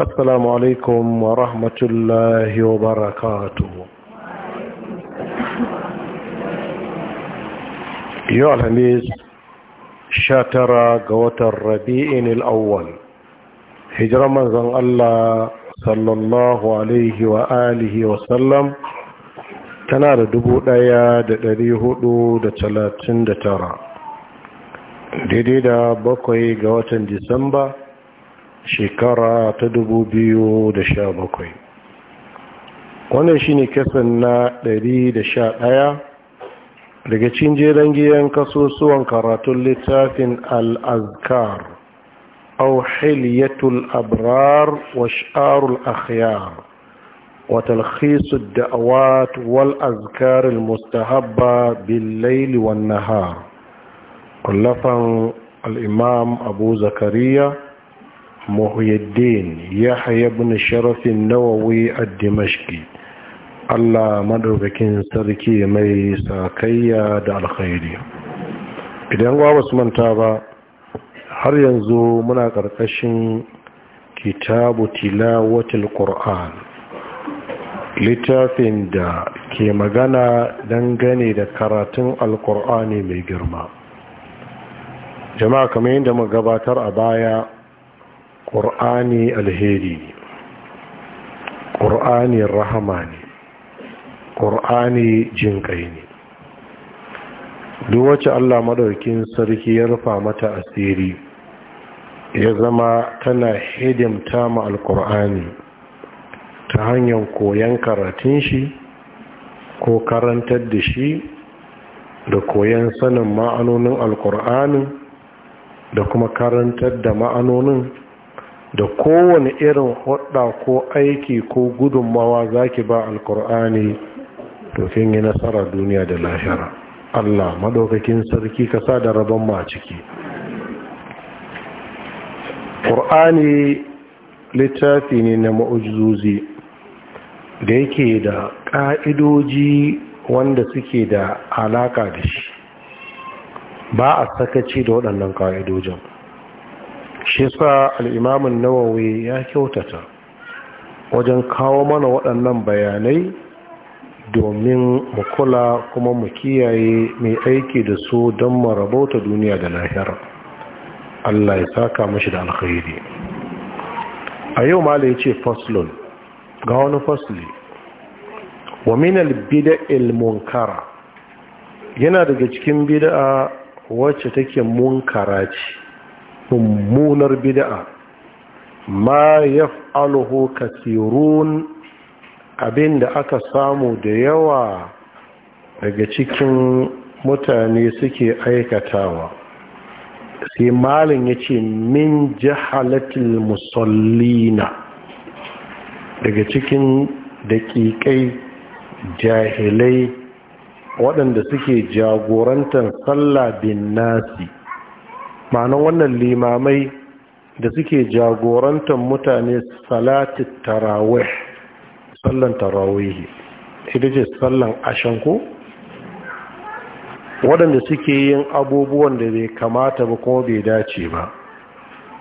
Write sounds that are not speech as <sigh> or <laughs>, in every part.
السلام عليكم ورحمة الله وبركاته يا الهميز شاترا قوة الربيع الأول هجر من الله صلى الله عليه وآله وسلم tana da dubu ɗaya da ɗari hudu da talatin da tara daidai da bakwai ga watan disamba shekara ta dubu biyu da sha bakwai. wannan shine kasan na ɗari da sha ɗaya daga cikin giyan kasusuwan karatun littafin al'azkar au hiliyatul abrar wa sha'arul akhyar وتلخيص mustahabba والأذكار laili بالليل والنهار Ƙullafan alimam Abu Zakariya. muhyiddin yahya ibn sharafin nawawi a dimashki allah madaukakin sarki mai sakayya da alkhairi idan ba su manta ba har yanzu muna ƙarƙashin kitabu tilawatul qur'an littafin da ke magana dangane da karatun alkur'ani mai girma jama'a kamar yadda mu gabatar a baya ƙur'ani alheri ne ƙur'ani rahama ne ƙur'ani jin ƙai ne duk wacce allah maɗaukin sarki ya rufa mata asiri ya zama tana hidimta ma alƙur'ani ta hanyar koyon karatun shi ko karantar da shi da koyon sanin ma'anonin alƙur'anin da kuma karantar da ma'anonin da kowane irin hudda ko aiki ko gudunmawa zaki ba alkur'ani to kin yi nasara duniya da lahira Allah madaukakin sarki ka sa da rabon ma ciki ƙur'ani littafi ne na ma'ujizozi da yake da ƙa'idoji wanda suke da alaƙa da shi ba a sakaci da waɗannan ƙa'idojin shi sa al'imamun nawawi ya kyautata wajen kawo mana waɗannan bayanai domin mu kula kuma mu kiyaye mai aiki da su don marabauta duniya da lahira Allah ya saka mashi da alkhairi a yau mala ya ce faslun ga wani fasli wa minal bida munkara yana daga cikin bida wacce take munkara ce mummunar bida'a, ma yaf'aluhu kathirun abinda aka samu da yawa daga cikin mutane suke aikatawa sai malin ya ce min jahalatil musallina daga cikin daƙiƙai jahilai waɗanda suke jagorantar sallah bin nasi ma'anan wannan limamai da suke jagorantar mutane Salatu tarawih sallan tarawih ita ce sallan ashen ko waɗanda suke yin abubuwan da bai kamata ba kuma bai dace ba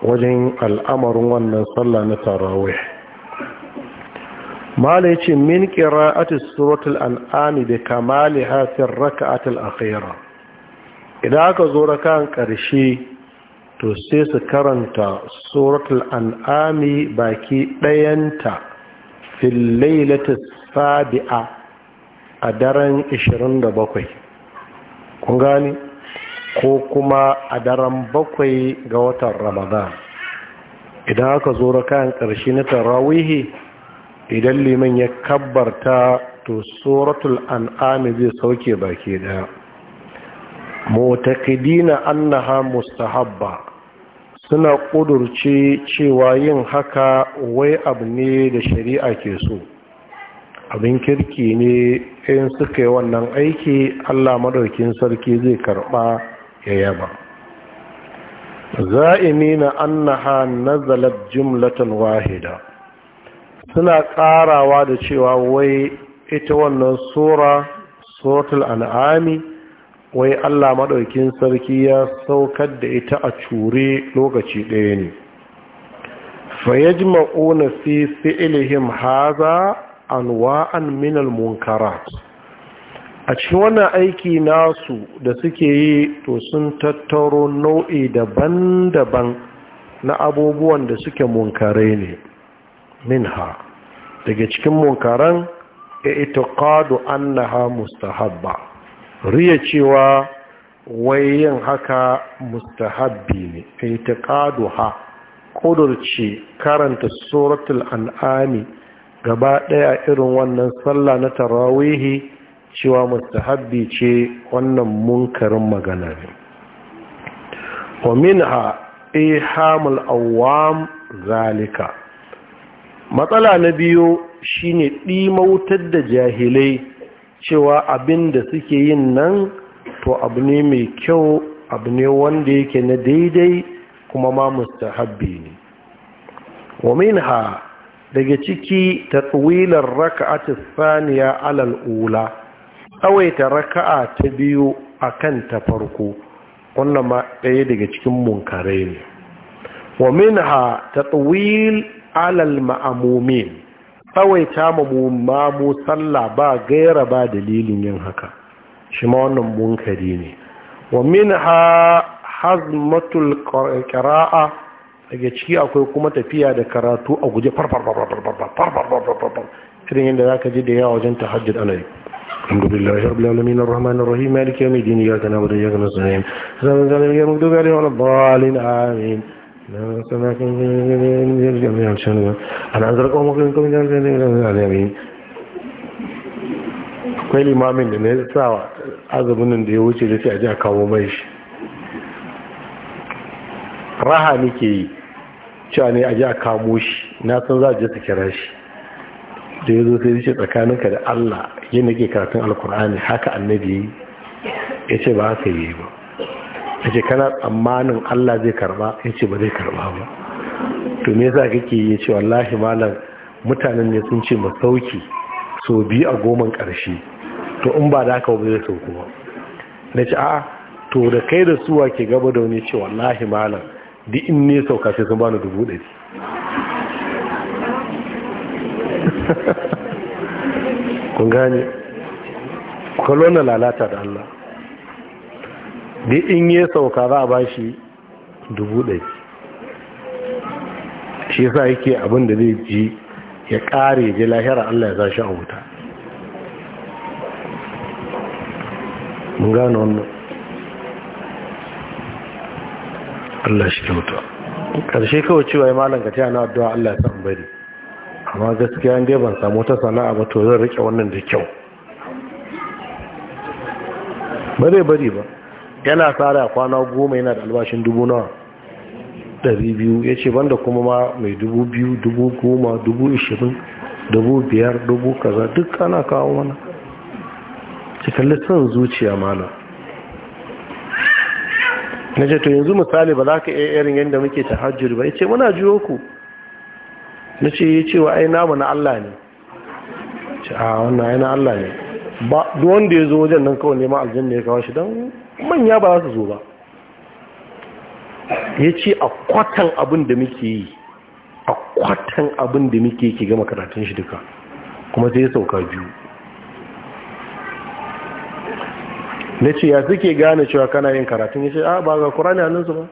wajen al'amarin wannan sallah na tarawih malai ya ce min ƙira'atis suratul an'ami da kamali hafin raka'atul akhira idan aka zo rakan ƙarshe to sai su karanta suratul an'ami baki ɗayanta fil lailatis sabi'a a daren 27 kun gani ko kuma a daren bakwai ga watan ramadan idan aka zo kayan ƙarshe na tarawihi idan liman ya kabbarta to suratul an'ami zai sauke baki ɗaya mutaqidina annaha mustahabba suna ƙudurce cewa yin haka wai abu ne da shari'a ke so abin kirki ne in suka yi wannan aiki allah maɗaukin sarki zai karɓa ya yaba za'imi na annaha nazalat jimlatan wahida suna ƙarawa da cewa wai ita wannan sura sotul an'ami wai Allah maɗaukin sarki ya saukar da ita a cure lokaci ɗaya ne fayajma'una fi fi'ilihim haza anwa'an minal munkarat a cikin wannan aiki nasu da suke yi to sun tattaro nau'i daban-daban na abubuwan da suke munkare ne minha daga cikin munkaran ya ita annaha mustahabba riya cewa wai yin haka mustahabbi ne itiqadu ha ce karanta suratul an'ami gaba daya irin wannan sallah na tarawihi cewa mustahabbi ce wannan munkarin magana ne wa minha ihamul awam zalika matsala na biyu shine dimautar da jahilai cewa abin da suke yin nan to abu ne mai kyau abu ne wanda yake na daidai kuma ma mustahabbi ne wa ha, daga ciki ta raka'a ta saniya alal ula tsawaita raka'a ta biyu a kan ta farko wannan ma ɗaya daga cikin munkarai ne wa ta tsawil alal ma'amumin Kawai ma ma mu sallah ba gaira ba dalilin yin haka shi ma wannan munkari ne wa min ha hazmatul qira'a daga ciki akwai kuma tafiya da karatu a guje farfar irin yadda zaka ji da yawa wajen tahajjud ana yi alhamdulillahi rabbil alamin arrahman arrahim maliki yawmiddin iyyaka na'budu wa iyyaka nasta'in ihdinas siratal mustaqim siratal ladzina an'amta amin سمعكم يرجع من akwai limamin da na sa azumin da ya wuce da sai a ji a kawo mai shi raha nake yi cewa ne a ji a kamo shi na san za a je su kira shi da ya zo sai ce tsakaninka da Allah yin ke karatun alkur'ani haka annabi ya ce ba haka yi ba ya ce kana tsammanin Allah zai karba yace ce ba zai karba ba to me yasa kake ya ce wallahi malam mutanen ne sun ce masauki so biyu a goman karshe to in ba da haka ba zai sauko ba na ce a'a to da kai da suwa ke gaba da wani ce wallahi malam duk in ne sauka sai sun bani dubu ɗari <laughs> kun gane kwallo lalata da Allah da in ya sauka za a ba shi dubu ɗari shi sa yake abin da zai ji ya ƙare ji lahira Allah ya zashi a wuta mun gano wannan Allah shi wuta. ƙarshe kawai cewa ya malanka ta yana addu'a Allah ya san bari amma gaskiya ɗaya ban samu ta sana'a ba to zan rike wannan da kyau ba zai bari ba yana tsara kwana goma yana da albashin dubu nawa ɗari biyu ya ce banda kuma ma mai dubu biyu dubu goma dubu ishirin dubu biyar dubu kaza duk ana kawo mana cikin lissan zuciya mana na ce to yanzu misali ba za ka iya irin yadda muke ta hajjiri ba ya ce muna jiyo ku na ce ya ce wa ai namu na Allah ne ce a wannan ai na Allah ne ba duwanda ya zo wajen nan kawai neman aljanna ya kawo shi don manya ba za su zo ba ya ce a kwatan abin da muke yi a kwatan abin da muke yi ke gama karatun shi duka kuma sai ya sauka biyu na ce ya suke gane cewa kana yin karatun ya ce a ah, ba ga kurani su ba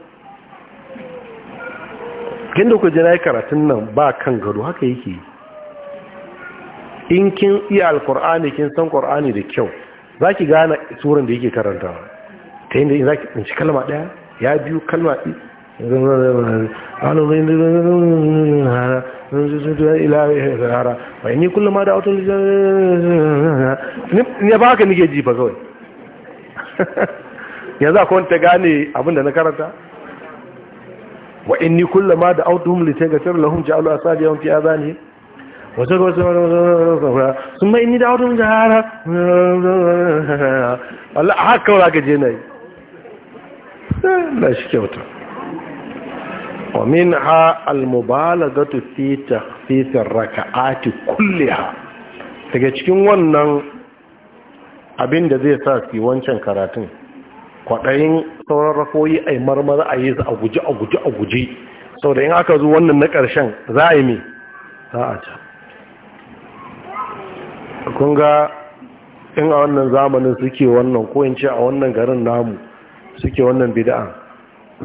kin da ku yi karatun nan ba kan gado haka yake yi in kin iya alkur'ani kin san kur'ani da kyau za ki gane tsoron da yake karanta ta yadda in za kalma ɗaya ya biyu kalma ɗi ni kullum ma da ne ba haka nike ji ba kawai yanzu akwai ta gane da na karanta wa inni kullum ma da auton litin gasar lahun a wani wasu wasu sun mai da Allah haka aka je na yi Allah shi kyauta wa minha al-mubalagatu fi takhfifir kulle ha? daga cikin wannan abin da zai sa fi wancan karatun kwaɗayin sauran rakoyi a yi marmara a yi su a guji a guji a guji sau da yin aka zo wannan na ƙarshen za a yi mai za a ta kunga in a wannan zamanin suke wannan ko in ce a wannan garin namu suke wannan bida'a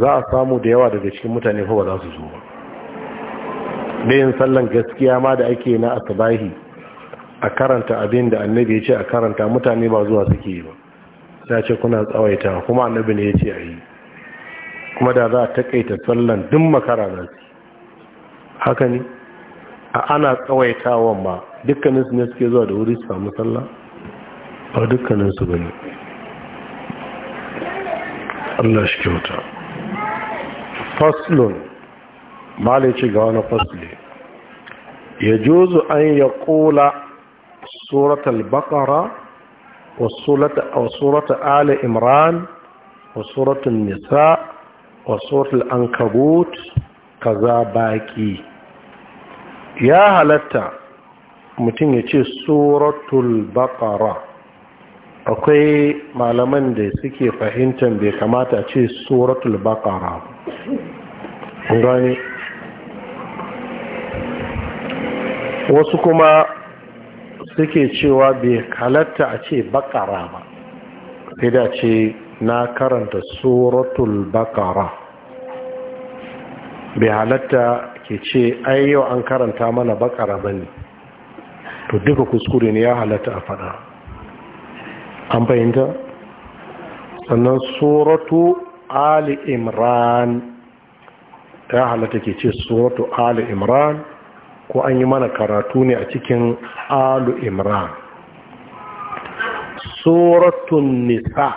za a samu da yawa daga cikin mutane ko ba za su zo ba da yin sallan gaskiya ma da ake na asbahi a karanta abin da annabi ya ce a karanta mutane ba zuwa suke yi ba ta ce kuna tsawaita kuma annabi ne ya ce a yi kuma da za a takaita sallan duk makara za su haka ne a ana tsawaitawan ma dukkaninsu ne suke zuwa da wuri su samu sallah ba dukkaninsu ba ne Allah shi kyauta faslun malici ga wani fasli ya juzu an ya kula surat al-baqara wa surat ali imran wa surat nisa wa surat al-ankabut kaza baki ya halatta mutum ya ce suratul baƙara akwai malaman da suke fahimtar bai kamata ce suratul baqara gani wasu kuma suke cewa bai halatta a ce bakara ba sai da ce na karanta suratul bakara bai halatta ke ce ai yau an karanta mana bakara ba ne to duka kuskure ne ya halatta a fada an fahimta sannan suratu ali imran ta halatta ke ce suratu ali imran ko an yi mana karatu ne a cikin alu imran suratun nisa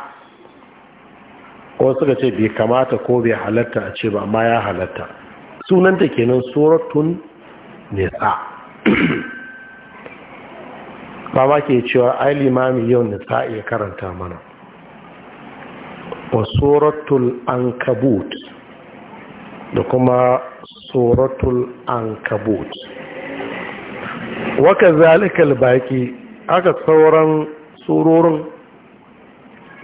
ko suka ce bai kamata ko bai halatta a ce ba amma ya halatta sunanta kenan suratun nisa ba ke cewa ai limami yau ne ta iya karanta mana wa suratul ankabut da kuma suratul ankabut waka zalikal baki aka sauran surorin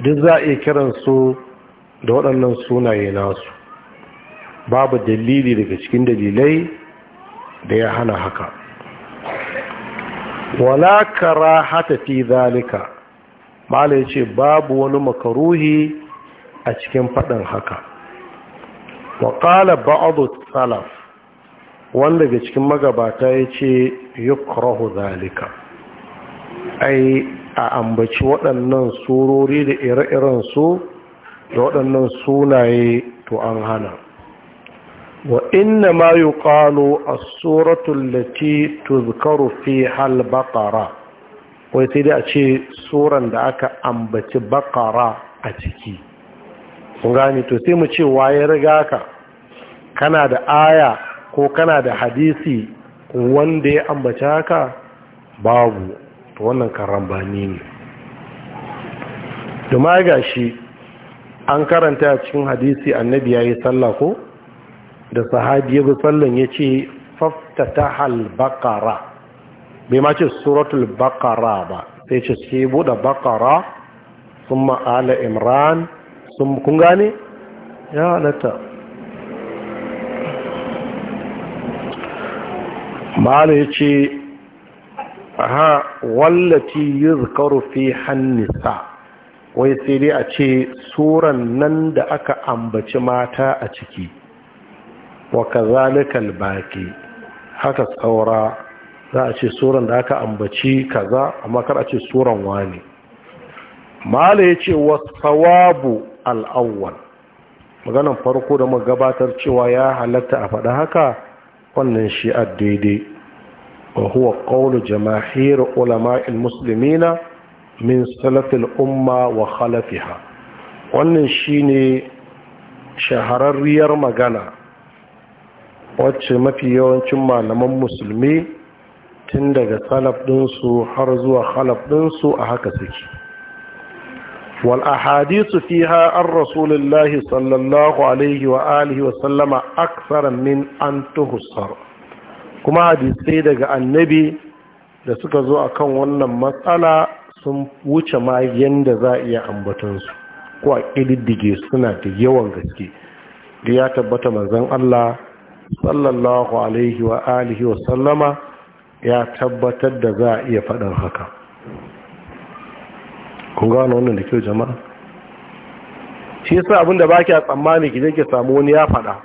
duk za a iya su da waɗannan sunaye nasu babu dalili daga cikin dalilai da ya hana haka wala hata fi zalika ya yace babu wani makaruhi a cikin faɗin haka wa qala salaf wanda daga cikin magabata yace yukrahu zalika ai a ambaci waɗannan surori da ire-iren su da waɗannan sunaye to an hana wa inna ma yuqalu as-suratu allati tuzkaru fiha al-baqara wai sai dai a ce suran da aka ambaci baƙara a ciki kun gane to sai mu ce waye riga ka kana da aya ko kana da hadisi wanda ya ambaci haka babu to wannan karambani ne domin ga shi an karanta cikin hadisi annabi ya yi sallah ko da sahabi ya bi sallan ya ce faftatahal halbakara bai ma ce suratul bakara ba sai ce ce bude bakara sun ma'ala imran sun kun gane ya halatta ma'ala ya ce ha wallaci yi zukaru fi hannisa wai sai dai a ce suran nan da aka ambaci mata a ciki wa kazalikal baki haka tsaura za a ce suran da aka ambaci kaza amma kar a ce suran wani mala ya ce wasawabu al'awwal maganan farko da magabatar cewa ya halatta a faɗa haka wannan shi a daidai wa huwa ƙaunar jama'ir ulama'il musulmina min salafil umma wa khalafiha wannan shi ne shahararriyar magana wacce mafi yawancin malaman musulmi tun daga salaf ɗinsu har zuwa halaf ɗinsu a haka suke wal ahadisu fiha an rasulullahi sallallahu alaihi wa alihi wa sallama aksara min an tuhusar. kuma hadisai daga annabi da suka zo a kan wannan matsala sun wuce ma yanda za a iya ambatansu ko a ƙididdige suna da yawan gaske da ya tabbata manzon Allah sallallahu alaihi wa alihi wa sallama ya tabbatar da za a iya faɗin haka kun gano wannan da kyau jama'a shi yasa abin da baki a tsammani ki ke samu wani ya faɗa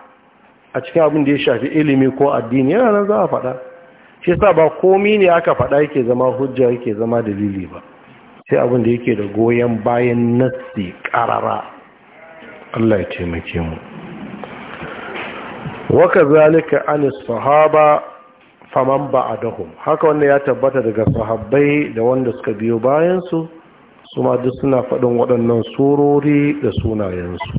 a cikin abin da ya shafi ilimi ko addini yana nan za a faɗa shi yasa ba komi ne aka faɗa yake zama hujja yake zama dalili ba sai abin da yake da goyon bayan nassi ƙarara Allah ya taimake mu waka zalika anis sahaba faman ba'adahum haka wannan ya tabbata daga sahabbai da wanda suka biyo bayansu su ma duk suna faɗin waɗannan surori da sunayensu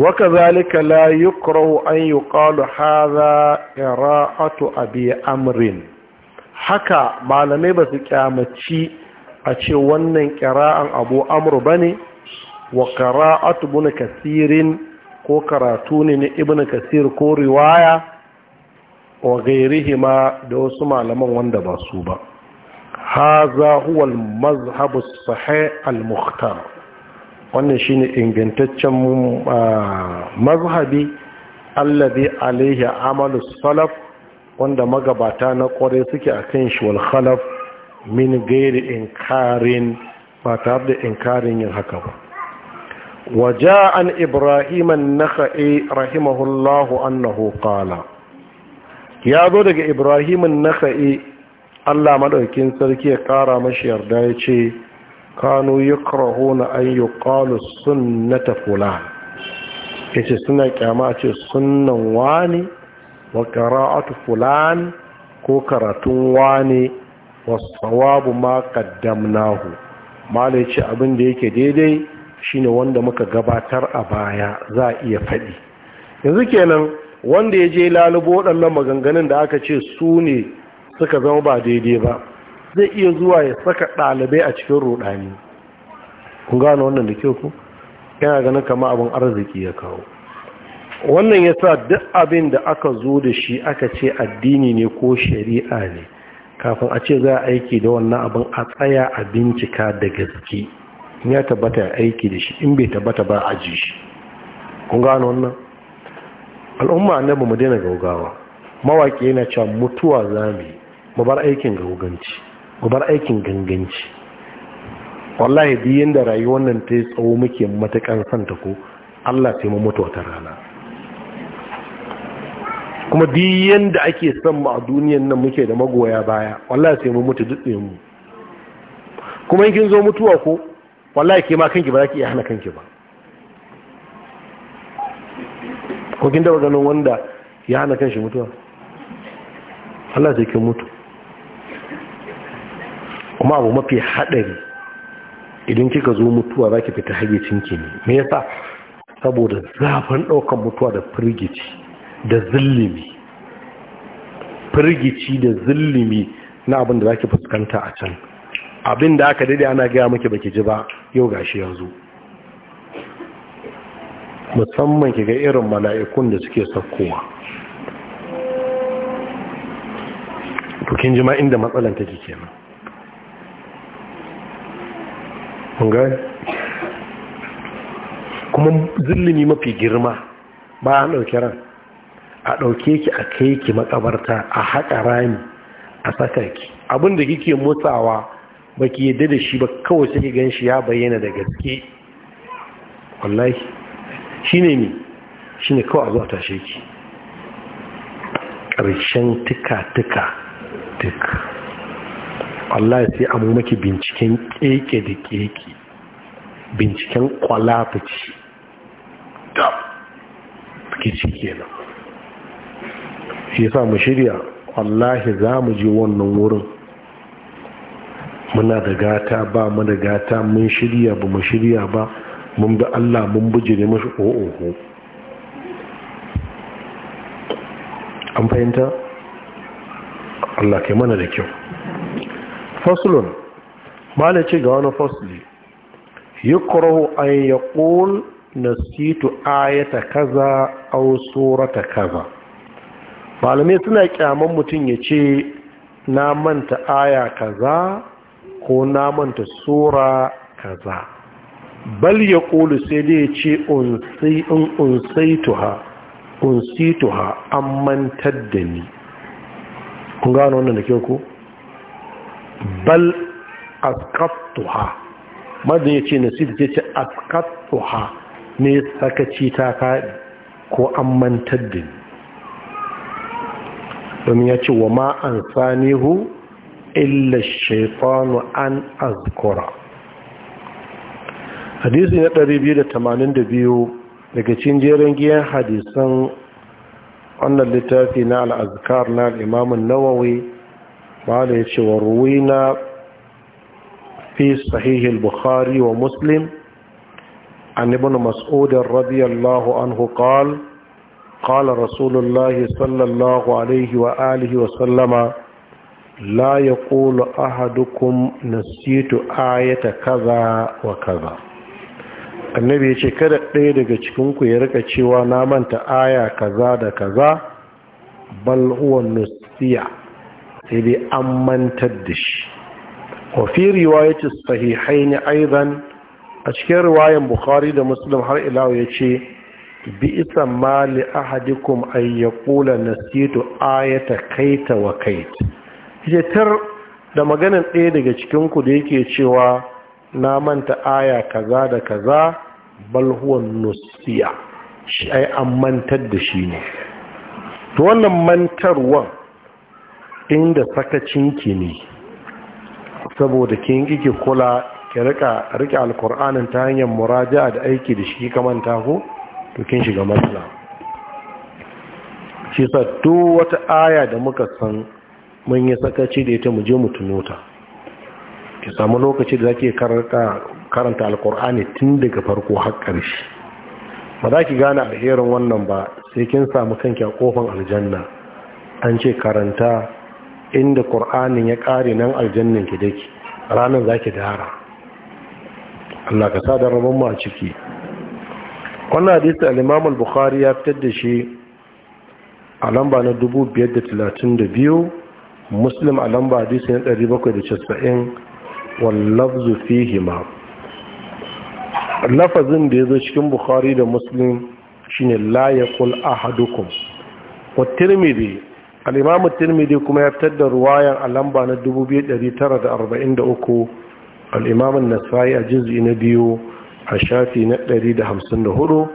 waka zalika la yukrahu an yuqalu hadha ira'atu abi amrin haka malamai ba su kyamaci a ce wannan kira'an abu amru bane wa qira'atu bun kasirin ko karatu ne na ibn kasir ko riwaya wa ma da wasu malaman wanda ba su ba haza huwa mazhabu sahih al-mukhtar wannan shine ingantaccen ah, mazhabi alladhi Alayhi amalu salaf wanda magabata na kware suke akan shi wal khalaf min gairi inkarin ba tare da inkarin yin haka ba وجاء عن إبراهيم النخعي رحمه الله أنه قال يا ذلك إبراهيم النخعي الله مدعكين سركي قارا مشير دايتي كانوا يكرهون أن يقال سنة فلان yace suna kyama ce sunnan واني wa فلان fulan ko karatun wani was sawabu ma qaddamnahu mala ديدي دي shine wanda muka gabatar a baya za a iya faɗi yanzu kenan wanda ya je lalubo waɗannan maganganun da aka ce su ne suka zama ba daidai ba zai iya zuwa ya saka ɗalibai a cikin ruɗani kun gano wannan da kyau ku yana ganin kama abin arziki ya kawo wannan ya sa duk abin da aka zo da shi aka ce addini ne ko shari'a ne kafin a ce za a aiki da wannan abin a tsaya a bincika da gaske in ya tabbata ya aiki da shi in bai tabbata ba a aji shi kun gano wannan al'umma annabi mu daina gaugawa mawaki yana cewa mutuwa za mu bar aikin gauganci mu bar aikin ganganci wallahi duk yanda rayuwar nan ta yi tsawo muke matakan santa ko Allah sai mu mutu wata rana kuma duk yanda ake son mu a duniyan nan muke da magoya baya wallahi sai mu mutu dutse mu kuma in kin zo mutuwa ko wallahi ke ma kanki ba za ki iya hana kanki ba ko kin ganin wanda ya hana kanshi mutuwa Allah zai kin mutu kuma abu mafi hadari idan kika zo mutuwa za ki fita hayyacinki ne me yasa saboda zafin daukan mutuwa da firgici da zillimi firgici da zillimi na abin da za ki fuskanta a can abin da aka dade ana gaya maki baki ji ba yau gashi yanzu musamman ki ga irin mala'ikun da suke sakkowa to kin ji ma inda matsalan take kenan kun kuma zillimi mafi girma ba a ɗauki ran a ɗauke ki a kai ki makabarta a haƙa rami a saka ki abinda kike motsawa ba ki yadda da shi ba kawai sai gan shi ya bayyana da gaske wallahi shi ne ne shi ne kawai a zuwa tashe ki ƙarshen tuka-tuka duk wallahi sai amu maki binciken keke da keke binciken kwalafici ke ci kenan shi sa mu shirya wallahi za mu je wannan wurin muna da gata ba mu da gata mun shirya ba mu shirya ba mun bi Allah mun ne mashi ohoho oh. an fahimta Allah kai mana da kyau faslun ce ga wani yi yukrahu an na situ ayata kaza au surata kaza malamai suna kyaman mutum ya ce na manta aya kaza ko namanta sura kaza bal ya ƙulu sai dai ya ce in unsaituha unsituha an mantar da ni kun gano wannan da ke ku? bal askattuha madin ya ce nasiru ce ce askattuha ne sakaci ta kaɗi ko an mantar da ni domin ya ce wa ma an sanihu illa shaitanu an azkura hadisi na 282 daga cikin jerin giyan hadisan wannan littafi na al'azkar na al'imamun nawawi ba da ya ce wa ruwina fi sahihil bukhari wa muslim عن ابن مسعود رضي الله عنه قال قال رسول الله صلى الله عليه وآله وسلم la ya ƙolo ahadukum nasitu ayata kaza wa kaza annabi ya ce kada ɗaya daga cikinku ya rika cewa na manta aya kaza da kaza bal huwa nusiya sai dai an mantar da shi wafi riwayati sahihai ne aizan a cikin riwayan bukhari da muslim har ilawa ya ce bi isa mali ahadikum an ya ƙula nasitu ayata kaita wa kaita yatar da maganin ɗaya daga cikinku da yake cewa na manta aya kaza da kaza balhuwan nusiya shi ai an mantar da shi ne to wannan mantarwan inda sakacinki ne saboda kin kike kula ki rika rike alkur'anin ta hanyar muraja'a da aiki da shi ka manta ko to kin shiga matsala shi sa duk wata aya da muka san mun yi sakaci da ita mu je mu tuno ta ki samu lokaci da zake karanta karanta alkur'ani tun daga farko har ƙarshe ba za ki gane alherin wannan ba sai kin samu kanki a kofan aljanna an ce karanta inda ƙur'anin ya ƙare nan aljannan ki dake ranar zaki dara Allah ka sa da rabon mu a ciki wannan hadisi al-Imam al-Bukhari ya fitar da shi a lamba na 532 muslim a lamba hadisi na 790 wallafzu ma. lafazin da ya zo cikin bukhari da muslim shine la yaqul ahadukum wa tirmidhi al-imam tirmidhi kuma ya fitar da ruwayan a lamba na 2943 al-imam nasai a juz'i na biyu a shafi na 154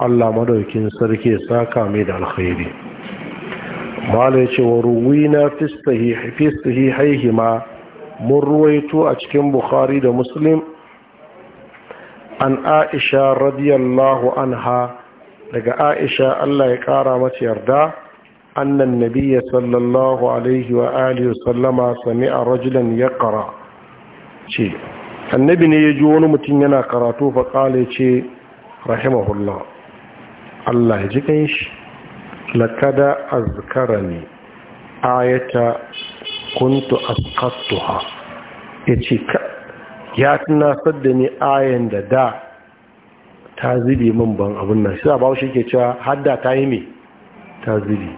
Allah madaukin sarki ya saka mai da alkhairi mala ce wa ruwina fi sahihi mun ruwaito a cikin bukhari da muslim an aisha radiyallahu anha daga aisha Allah ya kara mace yarda annan nabiyya sallallahu alaihi wa alihi sallama sami'a rajulan yaqra ce annabi ne ya ji wani mutum yana karatu fa kale ce rahimahullah Allah ya ji shi. lakada azkarani ayata kuntu asqattuha yace ka ya tunasar da ni ayan da da ta zube min ban abin nan shi ba shi ke cewa hadda ta yi me ta zube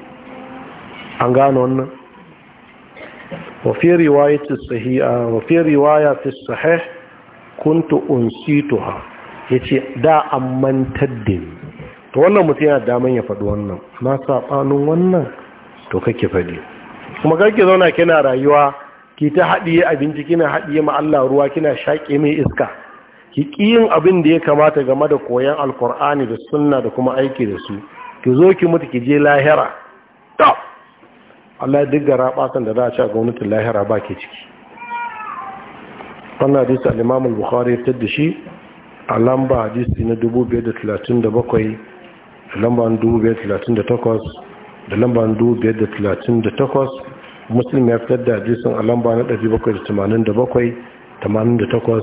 an gano wannan وفي رواية الصحيحة وفي رواية في كنت أنسيتها يتي دا أمن تدني to wannan mutum yana daman ya faɗi wannan na saɓanin wannan to kake faɗi kuma kake zauna kina rayuwa ki ta haɗiye abinci kina haɗiye ma Allah ruwa kina shaƙe mai iska ki ƙiyin abin da ya kamata game da koyan alkur'ani da sunna da kuma aiki da su ki zo ki mutu ki je lahira to Allah duk gara ɓatan da za a ci a gwamnatin lahira ba ke ciki wannan hadisi al-imam al-bukhari ya fitar shi a lamba hadisi na 537 Da lamban 538 da da takwas, muslim ya fitar da hadisin a lamba na 787 88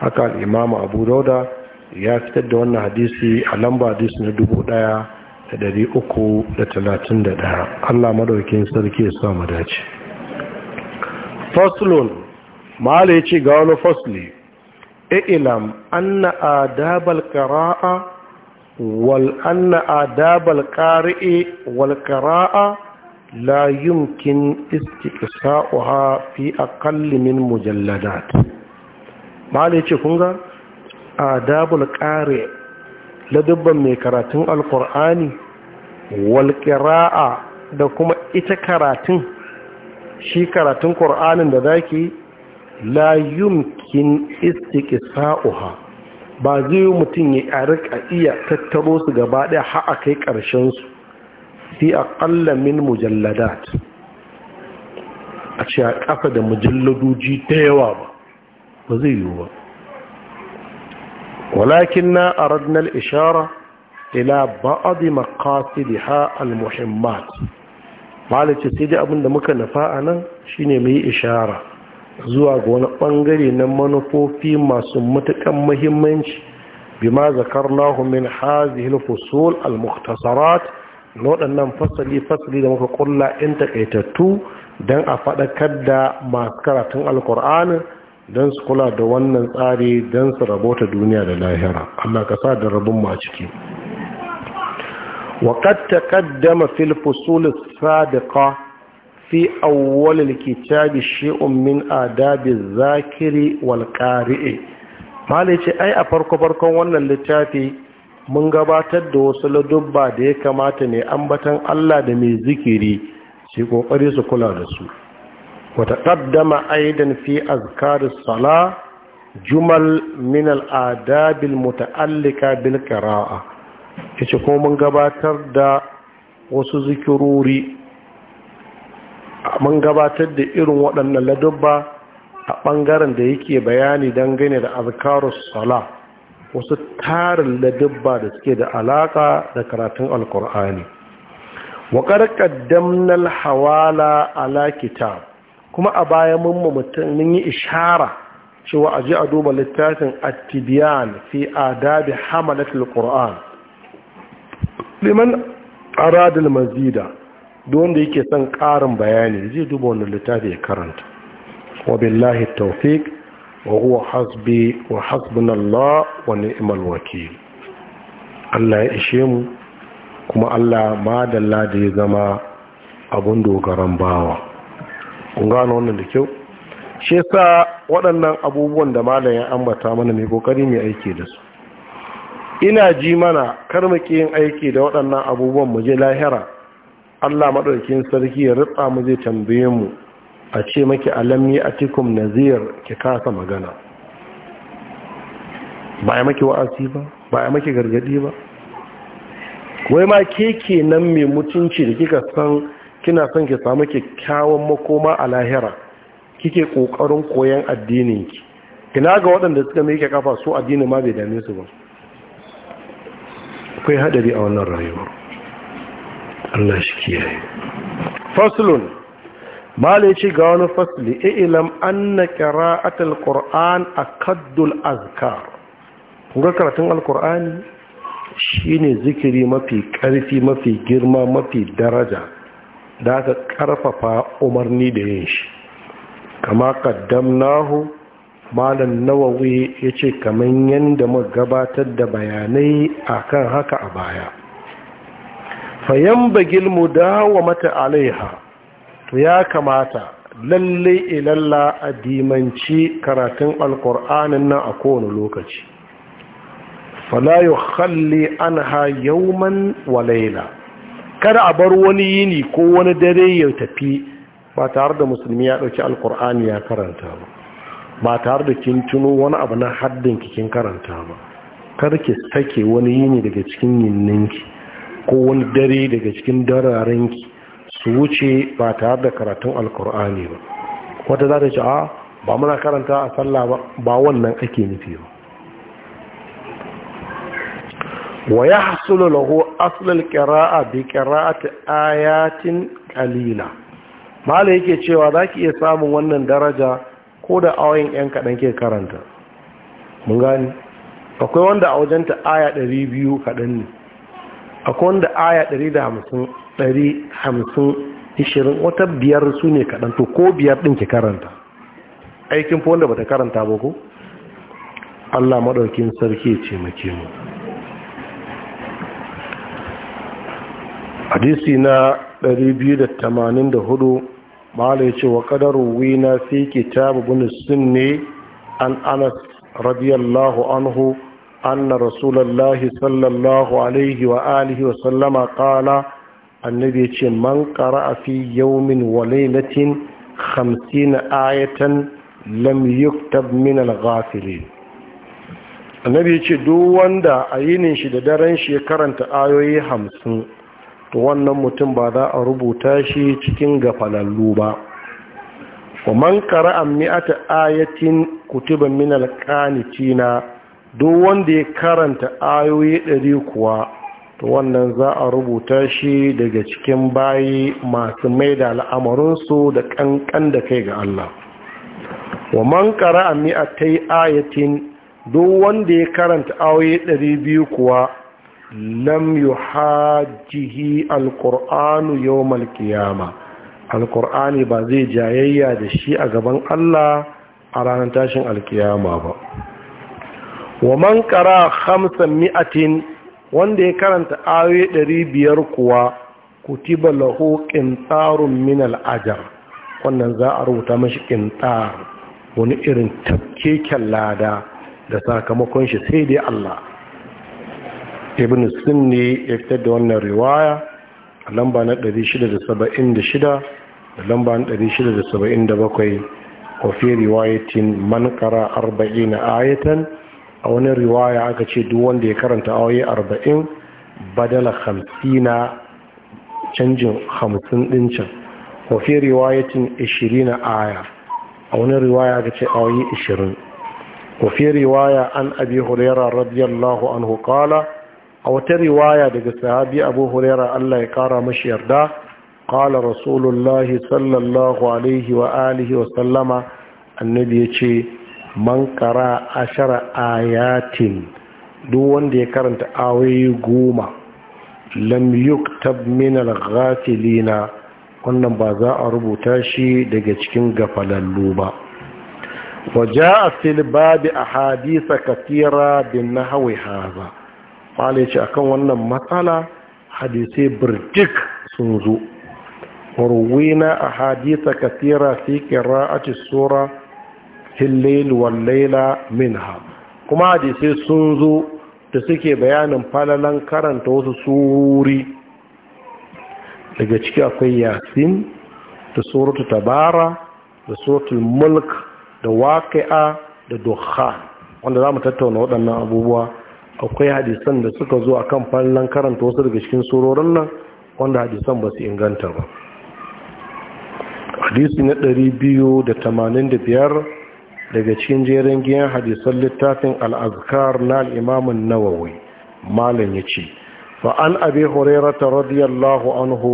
haka al'imama abu dauda ya fitar da wannan hadisi a lamba hadisi na 1331 allah madaukin sarki ya samu dace faslun ma'ala ya ce ga wani fasli ilam na adabar karaa? wal anna adabal qari'i wal qira'a la yumkin istiqsa'uha fi aqall min mujalladat mali ce kun ga Adabal qari mai karatun Alƙur'ani, wal qira'a da kuma ita karatun shi karatun ƙur'anin da zaki la yumkin istiqsa'uha ba zai yi mutum ya rika iya tattaro su gaba ɗaya har a kai ƙarshen su fi akalla min mujalladat a ce a kafa da mujalladoji ta yawa ba ba zai yiwu ba walakin na a al-ishara ila ha maqasidiha al-muhimmat ce sai dai abinda muka nafa anan shine mai ishara zuwa ga wani ɓangare na manufofi masu matuƙan muhimmanci bima zakarnahu min hazihil fusul al-mukhtasarat na waɗannan fasali-fasali da muka kulla in takaitattu dan a faɗakar da masu karatun alkur'ani don su kula da wannan tsari dan su rabota duniya da lahira allah ka sa da mu a ciki wa ta taqaddama fil fusul sadiqa fi awwalil kitabi shay'un min adabi zakiri wal qari'i malai ce ai a farko farkon wannan littafi mun gabatar da wasu ladubba da ya kamata ne ambatan Allah da mai zikiri shi kokari su kula da su wata qaddama aidan fi azkar sala jumal min al-adabi al-muta'allika bil qira'a yace ko mun gabatar da wasu zikirori mun gabatar da irin waɗannan ladubba a ɓangaren da yake bayani dangane da azkarus sala wasu tarin ladubba da suke da alaƙa da karatun alkur'ani waƙar ƙaddamnal hawala ala kitab kuma a baya mun mutum mun yi ishara cewa a ji a duba littafin attibiyan fi adabi hamalatul qur'an liman aradul mazida wanda yake son ƙarin bayani zai duba wani littafi ya karanta wa billahi tawfiq wa huwa hasbi wa hasbunallah wa ni'mal wakil Allah ya ishe mu kuma Allah madalla da ya zama abun dogaran bawa kun gano wannan da kyau shi yasa waɗannan abubuwan da malam ya ambata mana mai kokari mai aiki da su ina ji mana kar mu yin aiki da waɗannan abubuwan mu je lahira Allah maɗaukin sarki ya ritsa mu zai tambaye mu a ce maki alamni atikum nazir ki kasa magana ba ya maki wa'azi ba ba ya maki gargadi ba wai ma ke nan mai mutunci da kika san kina son ki samu kyakkyawan makoma a lahira kike kokarin koyan addininki ki ina ga waɗanda suka mai kafa su addini ma bai dame su ba akwai haɗari a wannan rayuwar Allah shi kiyaye faslun mala yace ga wani fasli ilam an na kira anna qira'atul a kaddul azkar kunga karatun shi ne zikiri mafi ƙarfi, mafi girma mafi daraja da aka karfafa umarni da yin shi kama nahu, malam nawawi yace kaman yanda mu gabatar da bayanai a kan haka a baya fayan bagil mu dawo mata alaiha to ya kamata lalle ilalla a dimanci karatun alkur'anin nan a kowane lokaci falayo halli an ha yauman walaila kada a bar wani yini ko wani dare ya tafi ba tare da musulmi ya ɗauki alkur'ani ya karanta ba ba tare da kin wani abu na haddin kin karanta ba kar ki sake wani yini daga cikin yinninki ko wani dare daga cikin dararen su wuce ba tare da karatun alkur'ani ba wata za ta ce a ah, ba muna karanta a sallah ba ba wannan ake nufi ba wa ya hasulu lahu aslul qira'a bi qira'ati ayatin qalila malai yake cewa zaki iya samun wannan daraja ko da ayoyin yan kadan ke karanta mun gani akwai wanda a wajen wajenta aya 200 kadan ne akwai wanda aya 150 20 wata biyar su ne kaɗan to ko biyar ɗin ke karanta aikin fi wanda ba ta karanta ba ku? allah maɗaukin sarki ce make mu hadisi na 284 ma'ala ya ce wa ƙadarun wina fi kitabu bunus sun ne an anas radiyallahu anhu أن رسول الله صلى الله عليه وآله وسلم قال النبي من قرأ في يوم وليلة خمسين آية لم يكتب من الغافلين annabi ce duk wanda a yinin shi da daren shi ya ayoyi hamsin to wannan mutum ba za a rubuta shi cikin gafalallu ba wa man qara'a mi'ata ayatin kutiba min al-qanitina duk wanda ya karanta ayoyi ɗari kuwa to wannan za a rubuta shi daga cikin bayi masu mai da al'amarinsu da ƙanƙan da kai ga Allah wa man ƙara a mi'atai ayatin duk wanda ya karanta ayoyi ɗari biyu kuwa lam hajjihi alƙur'anu ƙiyama. malkiyama alƙur'ani ba zai jayayya da shi a gaban Allah a ranar tashin alkiyama ba wa man kara hamsin mi'atin wanda ya karanta awe ɗari biyar kuwa kutiba lahu qintarun min al'ajar, wannan za a rubuta mashi qintar wani irin tafkeken lada da sakamakon shi sai dai Allah ibn sunni ya fitar da wannan riwaya a lamba na 676 da lamba na 677 wa fi riwayatin man qara 40 ayatan a wani riwaya aka ce duk wanda ya karanta awaye arba'in badala hamsina canjin hamsin din can wafi riwayatin na aya a wani riwaya aka ce awaye ishirin wafi riwaya an abi hulera radiyallahu anhu hukala a wata riwaya daga sahabi abu hulera allah ya kara mashi yarda kala rasulullahi sallallahu alaihi wa alihi wa sallama annabi ya ce man kara ashara ayatin duk wanda ya karanta awayi goma lam Yuk min ghafilina wannan ba za a rubuta shi daga cikin gafalallu ba a a hadisa kafira bin na hawai haza fale ce akan wannan matsala hadisai birtik sun zo warwina hadisa kafira fi qira'ati sura fil layla minha kuma hadisi sun zo da suke bayanin falalan karanta wasu sururi daga ciki akwai yasin da suratu tabara da suratul mulk da waqi'a da dukhan wanda zamu tattauna waɗannan abubuwa akwai hadisan da suka zo akan falalan karanta wasu daga cikin surorin nan wanda hadisan ba su inganta ba hadisi na 285 daga cikin jerin giyan hadisan littafin al'azkar na al'imamun nawawi malam ya ce Fa an abi hurairata radiyallahu anhu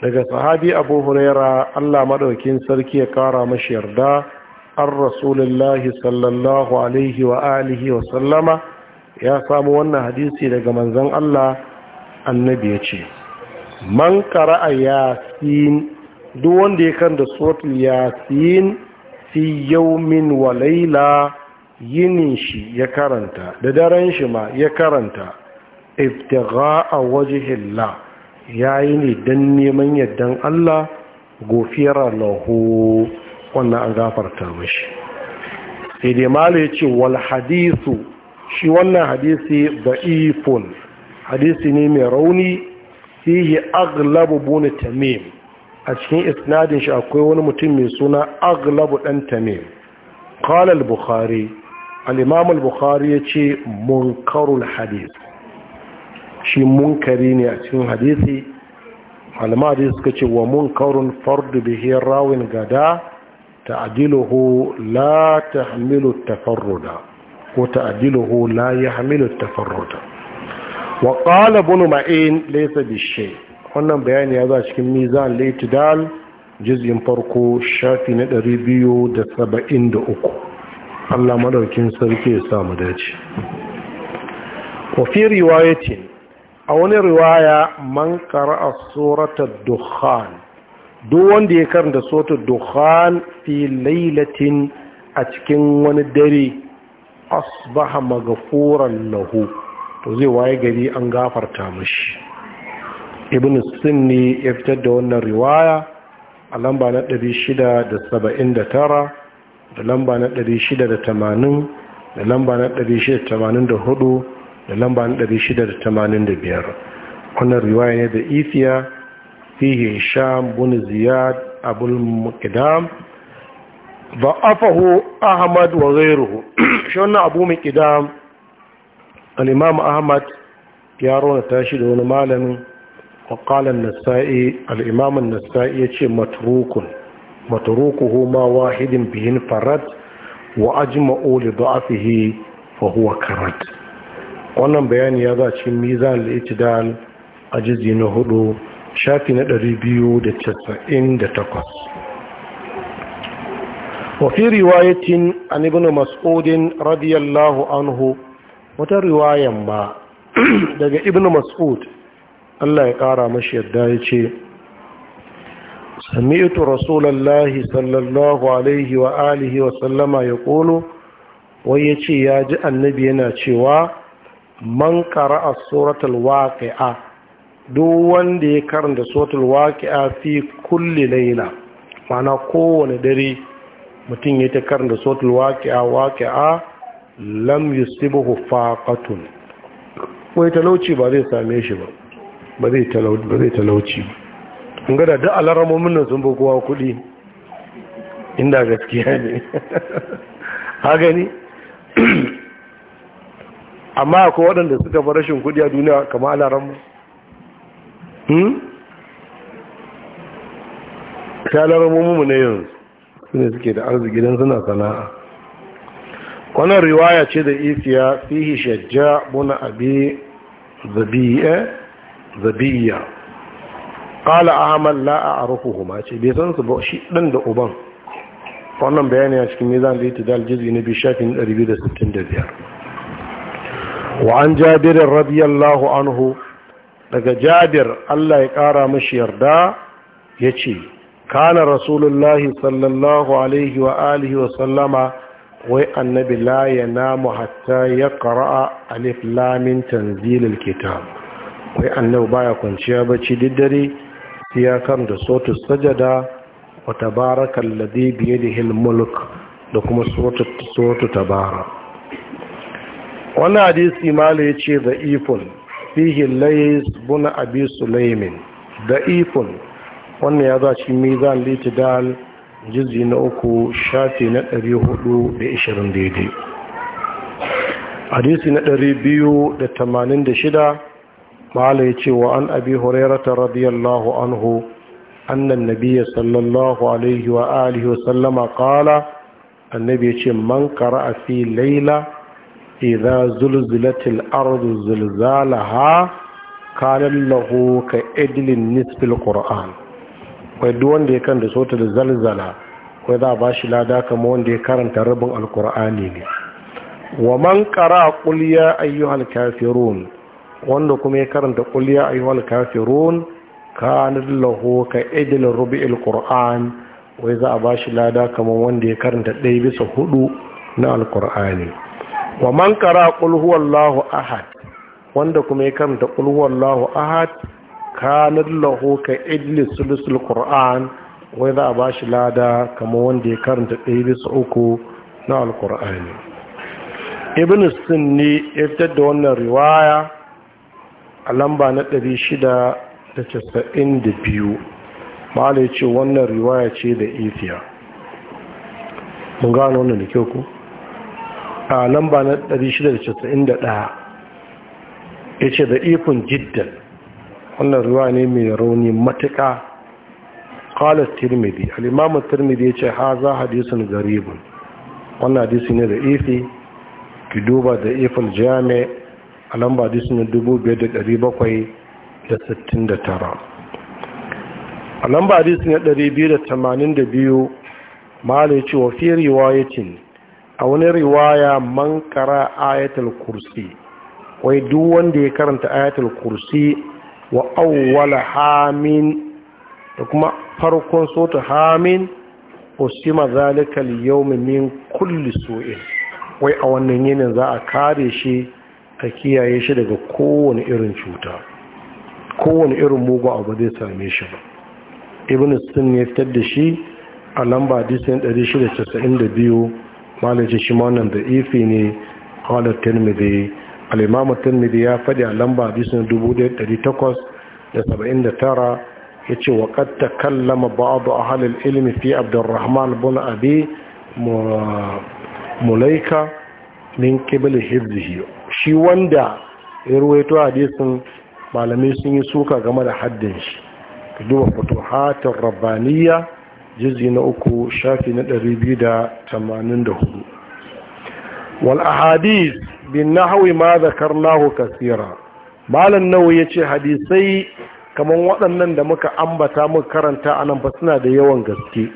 daga sahabi abu huraira allah maɗaukin sarki ya kara mashi yarda an rasulullahi sallallahu alaihi wa alihi wa sallama ya samu wannan hadisi daga manzan allah annabi ya ce man a yasin duk wanda ya kan da suratul yasin fi min wa laila yinin shi ya karanta da daren shi ma ya karanta a ibtigha'a ya yi ne don neman yaddan Allah gofiyar lahu wannan an gafarta mashi sai dai ya ce wal hadisu shi wannan hadisi da'ifun hadisi ne mai rauni fihi aglabu bun tamim a cikin isnadin shi akwai wani mutum mai suna aglabu ɗan tamim qala al-bukhari al-imam al-bukhari yace munkarul hadith shi munkari ne a cikin hadisi al suka ce wa munkarun fardu bihi rawin gada adiluhu la hamilu tafarruda ko adiluhu la hamilu tafarruda wa qala ma'in laisa bi wannan bayani ya za cikin mizan laitidal jizgin farko shafi na ɗari 273 allah madaukin sarki ya samu dace wafi riwayatin a wani riwaya man a tsoratar dukhan duk wanda ya karanta tsoratar dukhan fi lailatin a cikin wani dare asbaha magafuran lahu to zai waye gari an gafarta mashi ibn sunni ya fitar da wannan riwaya a lamba na 679 da lamba na 680 da lamba na 684 da lamba na 685 wannan riwaya ne da ifiya fihe sham bin ziyad abul muqdam <clears throat> abu أحمد وغيره شونا Ahmad, مكدام الإمام tashi da wani malamin. وقال النسائي الإمام النسائي يتي متروك متروكه ما واحد به انفرد وأجمعوا لضعفه فهو كرد wannan bayani ya zaci mizan al'itidal a jizi na hudu shafi na takwas. wafi riwayatin an ibn mas'udin radiyallahu anhu wata riwayan ma daga ibn mas'ud Allah ya ƙara mashi yadda ya ce sami'tu rasulallahi sallallahu alaihi wa alihi wa sallama ya ƙolo wai ya ce ya ji annabi yana cewa man ƙara a suratul waƙi'a duk wanda ya karanta suratul waƙi'a fi kulli laila mana kowane dare mutum ya ta karanta suratul waƙi'a waƙi'a lam yusibuhu faqatun wai talauci ba zai same shi ba ba zai talauci in gada da alaramomin nan sun bukowa kudi inda gaskiya ne ha <laughs> gani <clears throat> amma akwai waɗanda suka fi rashin kudi a duniya kama alaramu hmm? ta mu na yanzu su ne suke da arziki don suna sana'a wannan riwaya ce da isiya fihi shajja buna abi zabi'a eh? zabiya qala amal la a'rifuhuma ce bai san su ba shi dan da uban wannan bayani a cikin mizan litidal juz'i na bi shafin 265 wa an jabir radiyallahu anhu daga jabir Allah ya kara mashi yarda yace kana rasulullahi sallallahu alaihi wa alihi wa sallama wai annabi la ya namu hatta ya ƙara'a alif lamin tanzilil kitab wai annabi baya kwanciya bacci duk dare sai ya da sotu sajada wa tabaraka alladhi bi yadihi mulk da kuma sotu sotu tabara wannan hadisi mala yace da ifun fihi lays bun abi sulaimin da ifun wannan ya za shi mizan litidal jizi na uku shafi na 420 daidai hadisi na shida. mala ya ce wa an abi hurairata radiyallahu anhu annan nabiya sallallahu alaihi wa alihi wasallama kala annabi ya ce man kara a fi laila idha zulzilatil ardu zulzalaha kanan lahu ka idlin nisfil qur'an wai duk wanda ya kan da sota da zalzala wai za a ba shi lada kama wanda ya karanta rabin alkur'ani ne wa man kara qul ya ayyuhal kafirun wanda kuma ya karanta kulliya wal kafirun kanar lahu ka idil rubi alquran wai za a bashi lada kamar wanda ya karanta ɗaya bisa hudu na alqur'ani wa man qara qul huwallahu ahad wanda kuma ya karanta qul huwallahu ahad kanar lahu ka idil sulusul qur'an wai za a bashi lada kamar wanda ya karanta ɗaya bisa uku na alqur'ani ibn sunni ya fitar da wannan riwaya a lamba na 692 ma'ala ya ce wannan riwaya ce da ethiya mun gano wannan da kyau ku a lamba na 691 ya ce da ifin jiddan wannan riwaya ne mai rauni matuka Alimamin Tirmidi ya ce ha za hadisun غريب wannan hadisi ne da ifi ki duba da ifin jami'a a lamba da tara. a lamba hadisi na 282 ya ce wa fi riwayatin a wani riwaya man kara ayatul kursi wai duk wanda ya karanta ayatul kursi wa awwala hamin da kuma farkon sota hamin usima zalikal yawmi min kulli su'in wai a wannan yinin za a kare shi A kiyaye shi daga kowane irin cuta kowane irin mugu abu zai same shi ba ibn sun ya fitar da shi a lamba disin 692 shi wannan da ifi ne kawalar tirmidhi alimama tirmidhi ya faɗi a lamba disin 1879 ya ce wa ta kallama ba'adu a halin ilmi fi abdurrahman bin abi mulaika min kibili hibzihi shi wanda ya ruwaito hadisin malamai sun yi suka game da haddin shi ka duba hatar rabbaniya jizi na uku shafi na 284 wal ahadis bin nahawi ma nahu kasira malam ya ce hadisai kamar waɗannan da muka ambata muka karanta a nan ba suna da yawan gaske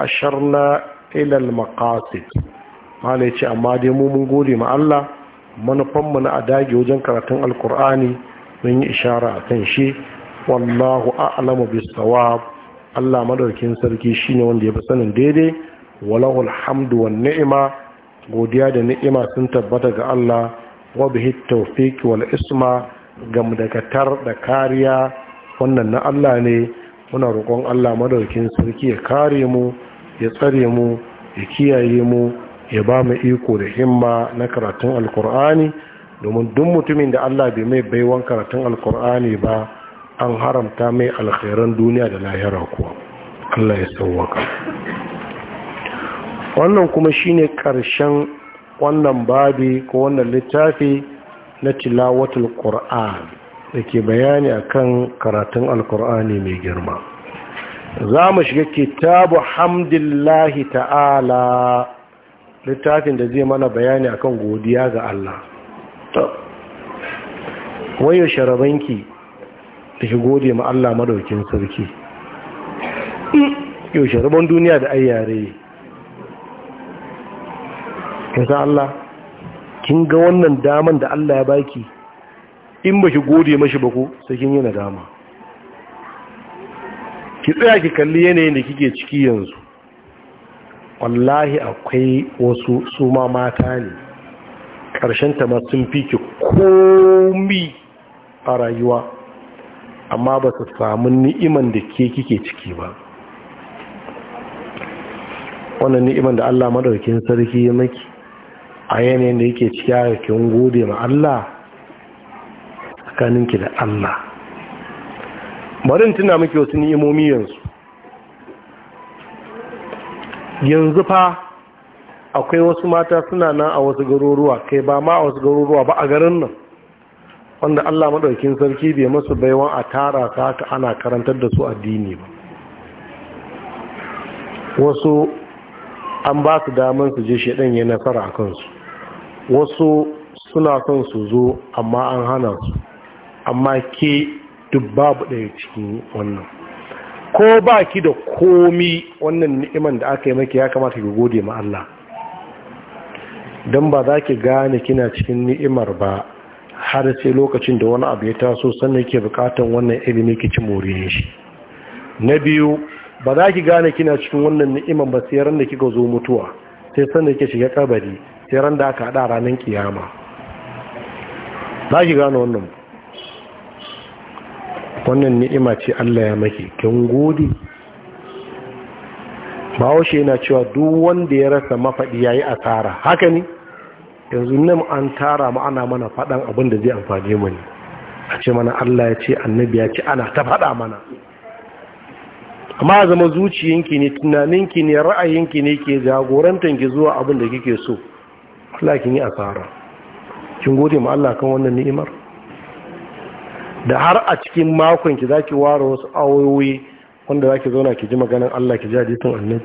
ashar na ilal makasit malam ya ce amma dai mu mun gode ma Allah manufanmu na adage wajen karatun alkur'ani mun yi ishara a kan shi wallahu a'lamu sawab Allah madaukin sarki shine wanda ya fi sanin daidai walahu alhamdu wan ni'ima godiya da ni'ima sun tabbata ga Allah wa bihi tawfiq wal isma mudakatar da kariya wannan na Allah ne muna roƙon Allah madaukin sarki ya kare mu ya tsare mu ya kiyaye mu ya ba mu iko da himma na karatun alkur'ani domin duk mutumin da Allah bai mai baiwan karatun alkur'ani ba an haramta mai alkhairan duniya da lahira kuwa Allah ya sauwaka wannan kuma shine karshen wannan babi ko wannan littafi na tilawatul da ke bayani akan karatun alkur'ani mai girma za mu shiga kitabu hamdillahi ta'ala littafin da zai mana bayani akan godiya ga Allah wayo sharabanki da ki gode ma Allah madaukin sarki mm. yau sharaban duniya da ayyare kasa Allah kin ga wannan daman da Allah ya baki in ba ki gode mashi ba ko sai kin yi nadama ki tsaya ki kalli yanayin da kike ciki yanzu wallahi akwai wasu su ma mata ne ta ma sun fi ki komi a rayuwa amma ba su samu ni'iman da ke kike ciki ba wannan ni'iman da Allah madaukin sarki ya maki a yanayin da yake ciki a kin gode ma Allah tsakaninki da Allah marin tuna miki wasu ni'imomi yanzu yanzu fa akwai wasu mata suna nan a wasu garuruwa kai ba ma a wasu garuruwa ba a garin nan wanda Allah maɗaukin sarki bai masu baiwan a tara ta haka ana karantar da su addini ba wasu an ba su damar su je shaɗan ya nasara a kansu wasu suna son su zo amma an hana su amma ke duk babu ɗaya cikin wannan ko ba ki da komi wannan ni'iman da aka yi maki ya kamata ki gode ma Allah don ba za ki gane kina cikin ni'imar ba har sai lokacin da wani abu ya taso sannan ke bukatan wannan ilimi ki ci moriyar shi na biyu ba za ki gane kina cikin wannan ni'iman ba sai ran da kika zo mutuwa sai sannan ke shiga kabari sai ran da aka hada ranar kiyama za ki gane wannan wannan ni'ima ce Allah ya maki kin gode bahaushe yana cewa duk wanda ya rasa mafadi yayi asara haka ne yanzu nan an tara mu ana mana fadan abin da zai amfani mu ne a ce mana Allah ya ce annabi ya ce ana ta fada mana amma zama zuciyanki ne tunaninki ne ra'ayinki ne ke jagorantanki zuwa abin da kike so Allah kin yi asara kin gode ma Allah kan wannan ni'imar da har a cikin makon ki zaki ware wasu awoyi wanda zaki zauna ki ji maganin Allah ki ji hadisin annabi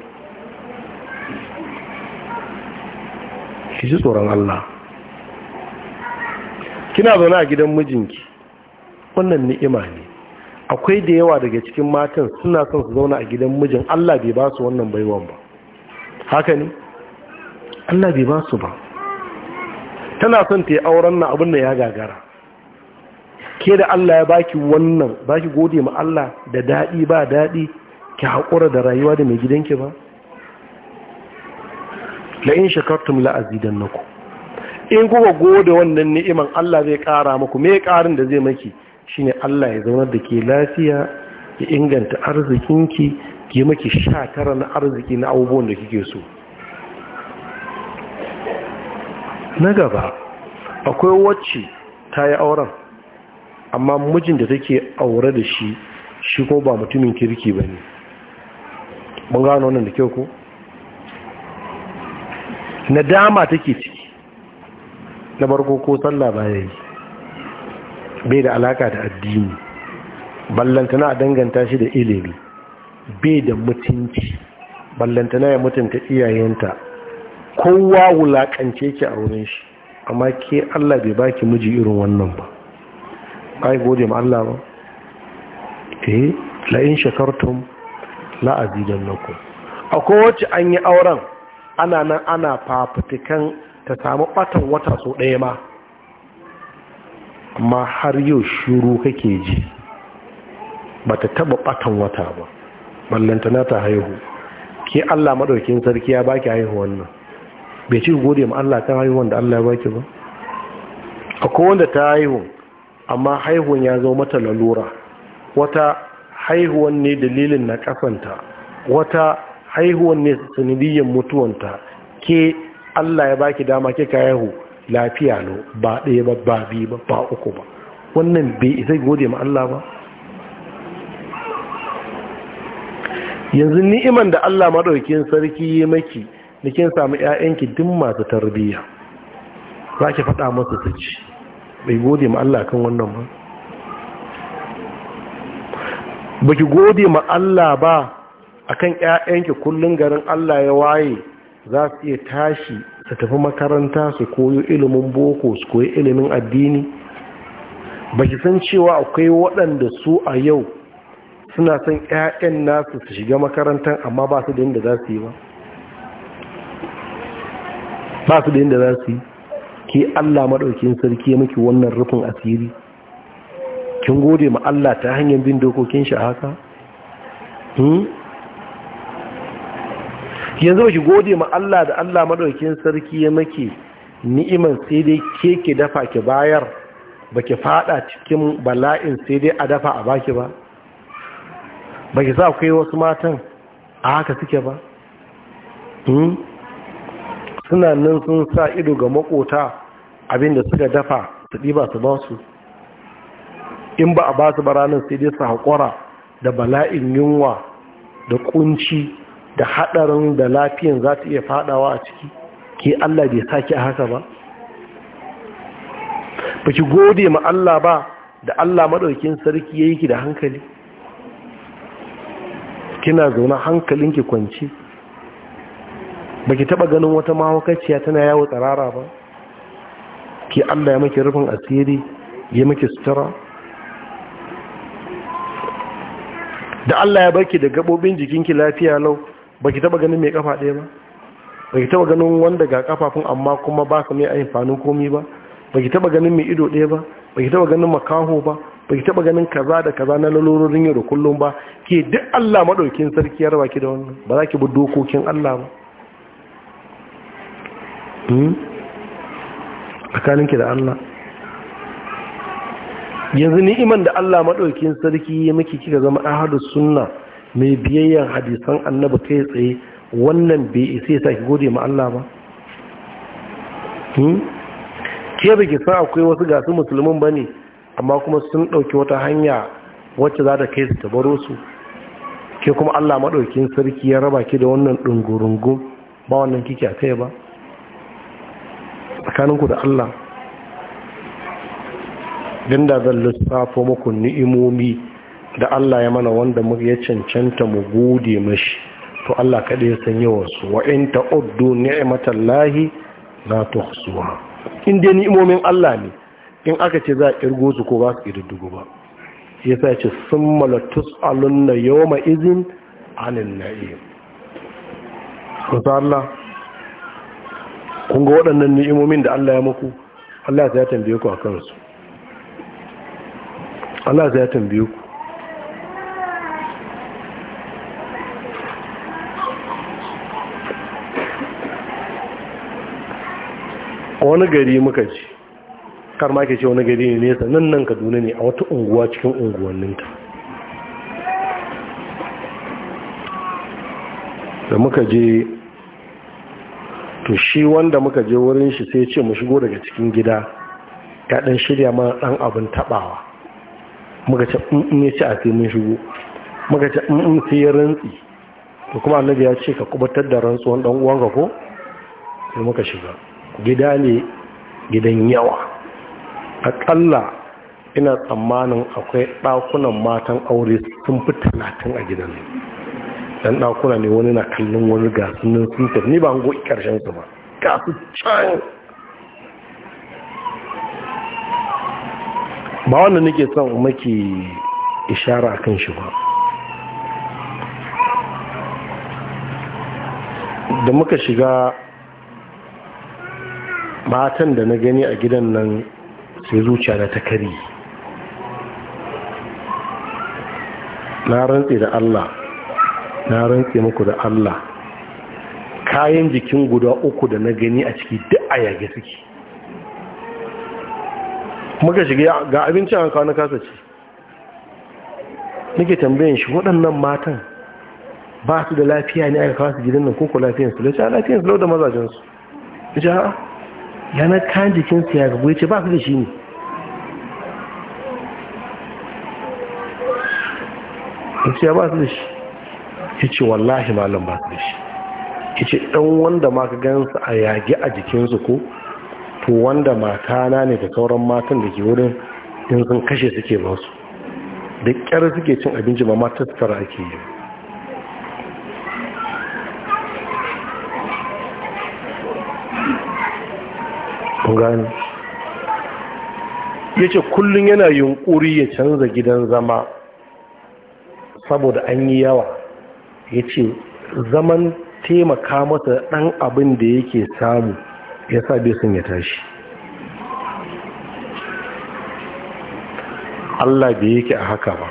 ki ji tsoron Allah kina zaune a gidan mijinki wannan ni'ima ne akwai da yawa daga cikin matan suna son su zauna a gidan mijin Allah bai ba su wannan baiwan ba haka ne Allah bai ba su ba tana son ta yi auren na abin da ya gagara ke da Allah ya baki wannan baki gode ma Allah da daɗi ba daɗi ki haƙura da rayuwa da mai gidanki ba la in shakartum la ku. in kuka gode wannan ni'iman Allah zai ƙara muku me ƙarin da zai maki shine Allah ya zaunar da ke lafiya ya inganta arzikinki ki maki sha tara na arziki na abubuwan da kike so na gaba akwai wacce ta yi auren amma mijin da take aure da shi shi ko ba mutumin kirki ba ne mun gano wannan da kyau ko nadama take ciki na barko ko sallah ba yayi bai da alaka da addini ballantana a danganta shi da ilimi bai da mutunci ballantana ya mutunta iyayenta kowa wulakance ki a wurin shi amma ke Allah bai baki miji irin wannan ba ai gode ma Allah ba eh la in shakartum la azidannakum akwai wacce an yi auren ana nan ana fafutukan ta samu batan wata so ɗaya ma amma har yau shuru kake ji ba ta taba batan wata ba ballantana ta haihu ke Allah maɗaukin sarki ya baki haihu wannan bai ci gode ma Allah kan haihu wanda Allah ya baki ba akwai wanda ta haihu amma haihuwan ya zo mata lalura wata haihuwan ne dalilin na kasanta wata haihuwan ne sanadiyyar mutuwanta ke Allah ya baki dama ke ka haihu lafiya lo ba ɗaya ba ba biyu ba ba uku ba wannan bai isa gode ma Allah ba yanzu ni'iman da Allah maɗaukin sarki ya maki da kin samu 'ya'yanki duk masu tarbiyya za ki faɗa masa su ci bai gode ma Allah kan wannan ba Ba ki gode ma Allah ba akan ƴaƴanki kullum garin Allah ya waye za su iya tashi su tafi makaranta su koyo ilimin boko su koyi ilimin addini Ba ki san cewa akwai waɗanda su a yau suna son ƴaƴan nasu su shiga makarantar amma ba su da inda za su yi ba ba su da inda za su yi ke Allah maɗaukin sarki miki wannan rufin asiri kin gode ma Allah ta hanyar bin dokokin shi haka hmm? yanzu ba ki gode ma Allah da Allah maɗaukin sarki ya maki ni'iman sai dai ke ke dafa ki bayar ba ki fada cikin bala'in sai dai a dafa a baki ba ba ki sa akwai wasu matan a haka suke ba hmm? suna nan sun sa ido ga makota abinda suka dafa su ɗiba su ba su in ba a ba su baranin sai dai su haƙura da bala'in yunwa da kunci da haɗarin da lafiyan za ta iya faɗawa a ciki ke Allah bai sake a haka ba ba ki gode ma Allah ba da Allah maɗaukin sarki ya yi ki da hankali kina zaune hankalinki kwanci ba ki taɓa ganin wata mahaukaciya tana yawo tsarara ba ki allah ya maki rufin asiri ya maki sutura da allah ya baki da gabobin jikinki lafiya lau ba ki taɓa ganin mai kafa ɗaya ba ba ki taba ganin wanda ga kafafun amma kuma ba su mai amfanin komi ba ba ki taɓa ganin mai ido ɗaya ba ba ki taɓa ganin makaho ba ba ki taba ganin kaza da kaza na lalurorin yau da kullum ba ke duk Allah maɗaukin sarki ya raba ki da wannan ba za ki bi dokokin Allah ba Hmm? tsakaninki da Allah yanzu ni'iman da Allah maɗaukin sarki ya miki kika zama ahadu sunna mai biyayyan hadisan annabi kai tsaye wannan bai isa ya saki gode ma Allah ba hmm? ke ba ki san akwai wasu gasu musulmin ba ne amma kuma sun ɗauki wata hanya wacce za ta kai su tabaro su ke kuma Allah maɗaukin sarki ya raba ki da wannan ɗungurungun ba wannan kike a kai ba tsakaninku da Allah din da zan lissafo muku ni'imomi da Allah ya mana wanda mu ya cancanta mu gode mashi to Allah kaɗai ya san su, wa in ta ta'uddu ni'matallahi la tuhsuha in dai ni'imomin Allah ne in aka ce za a kirgo su ko ba su kirdugo ba ya sa ce summa la tus'alunna yawma idhin 'anil na'im Allah kun ga waɗannan ni'imomin da Allah ya muku Allah ya tambaye ku a kansu Allah ya tambaye ku wani gari muka ce kar ma ke ce wani gari ne nesa nan nan kaduna ne a wata unguwa cikin unguwanninta da muka je to shi wanda muka je wurin shi sai ce mu shigo daga cikin gida ya dan shirya mana dan abin tabawa muka ce in mm, mm, ya ce a sai mun shigo muka ce in mm, sai ya rantsi to kuma annabi ya ce ka kubatar da rantsuwan dan uwanka ko sai muka shiga gida ne gidan yawa akalla ina tsammanin akwai ɗakunan matan aure sun fi talatin a gidan dan ɗakuna ne wani na kallon wani gasunan sun ni ba ngo karshen su ba gasu can ba wannan nake son maki ishara akan shi ba da muka shiga matan da na gani a gidan nan sai zuciya na ta kari na rantse da Allah na rantse muku da Allah kayan jikin guda uku da na gani a ciki duk a yage suke muka shiga ga abinci a kawo na kasa ci nake tambayin shi waɗannan matan ba su da lafiya ne aka kawo su gidan nan koko lafiyansu da cewa lafiyansu lau da mazajensu ya yana kayan jikinsu ya gabo ya ce ba su da shi ne ya ce ba su da shi ya ce wallahi malam ba da shi ya ce ɗan wanda ma ka gansu a yage a jikinsu ko to wanda na ne da sauran matan da ke wurin in sun kashe suke ba su da ƙyar suke cin abinci ba mata fara ake yi ya ce kullum yana yunkuri ya canza gidan zama saboda an yi yawa ya ce zaman taimaka masa ɗan abin da yake samu ya sa bai sun ya tashi Allah bai yake a haka ba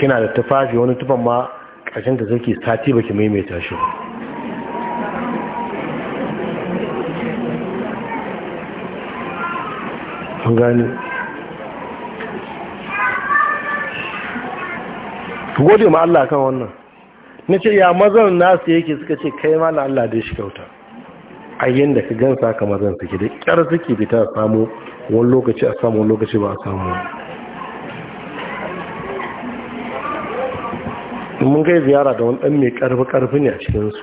kina da tufafi wani tufan ma ƙashin da zaki sati baki maimaita shi ba an gani gode ma Allah kan wannan na ce ya mazan nasu yake suka ce kai ma na Allah da shi kyauta a yadda ka gan saka mazan suke da kyar suke fita a samu wani lokaci a samu wani lokaci ba a samu mun kai ziyara da wani ɗan mai ƙarfi-ƙarfi ne a cikinsu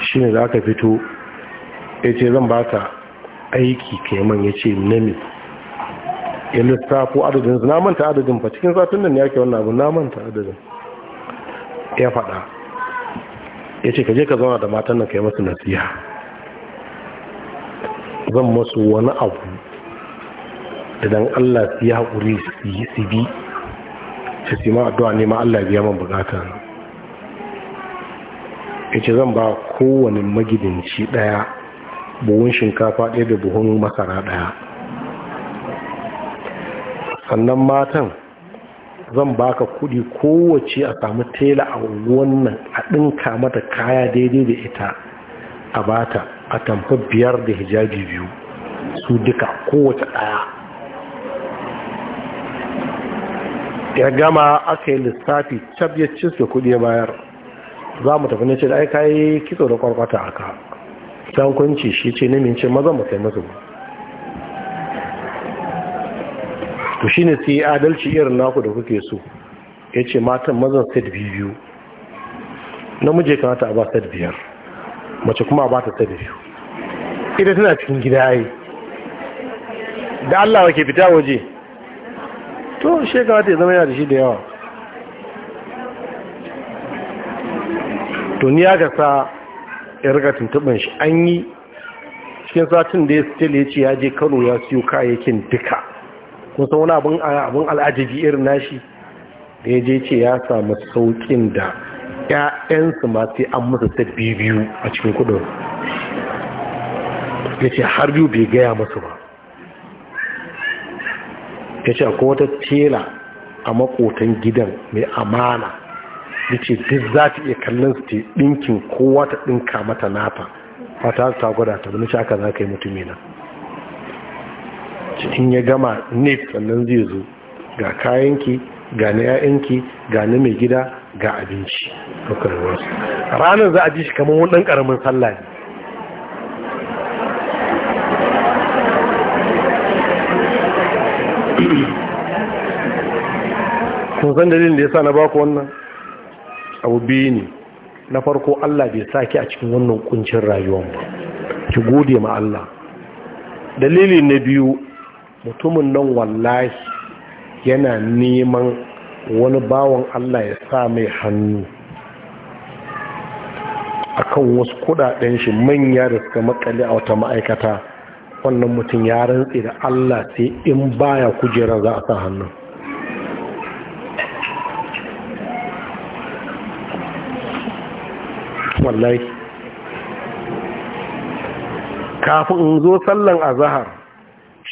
shi ne za ka fito ya ce zan ba ka aiki kaiman ya ce nami ya lissafo adadin na manta adadin fa cikin satin nan ya ke wannan abu na manta adadin ya faɗa ya ce ka je ka zauna da matan na kai masu nasiha zan masu wani abu da Allah su yi haƙuri su bi su si ma addu'a nema ma Allah biya man bukata ya ce zan ba kowane magidanci ɗaya buhun shinkafa ɗaya da buhun masara ɗaya sannan matan zan baka kudi kowace a samu tela a wannan a ɗinka mata kaya daidai da ita a bata a tamfa biyar da hijabi biyu su duka kowace ɗaya ya gama aka yi lissafi cab ya kuɗi kudi ya bayar za mu tafi na ce da aika yi kitso da kwarkwata aka ta hukunci shi ce na mince maza mu kai masu ba to shi ne sai adalci irin naku da kuke so ya ce matan mazan set biyu namiji kamata a ba set biyar mace kuma a ba ta set biyu ita tana cikin gida yi da Allah ke fita waje to shi kamata ya zama yana da shi da yawa tuni ya gasa ya riga tuntuban shi an yi cikin satin da ya stile ya ce ya je kano ya siyo kayayyakin duka kun san wani abin abin al'ajabi irin nashi da ya je ce ya samu saukin da ƴaƴansu ma sai an musu ta biyu a cikin kudin ya ce har biyu bai gaya masu ba ya ce akwai wata tela a makotan gidan mai amana ya ce duk za ta iya kallon su ɗinkin kowa ta ɗinka mata nata fata ta gwada ta bani shaka za ka yi mutumina. in ya gama ne sannan zai zo ga kayanki ga na 'ya'yanki ga na mai gida ga abinci ranar za a ji shi kamar wani ɗan ƙaramin sallah ne <clears throat> kun san dalilin da ya sa na baku wannan abu biyu ne na farko Allah bai sa ki a cikin wannan kuncin rayuwar ba ki gode ma Allah dalili na biyu mutumin nan wallahi yana neman wani bawan Allah ya sa mai hannu akan wasu kudaden shi manya da suka makale a wata ma'aikata wannan mutum ya rantse da Allah sai in baya kujerar za a sa hannun wallahi kafin in zo sallan azahar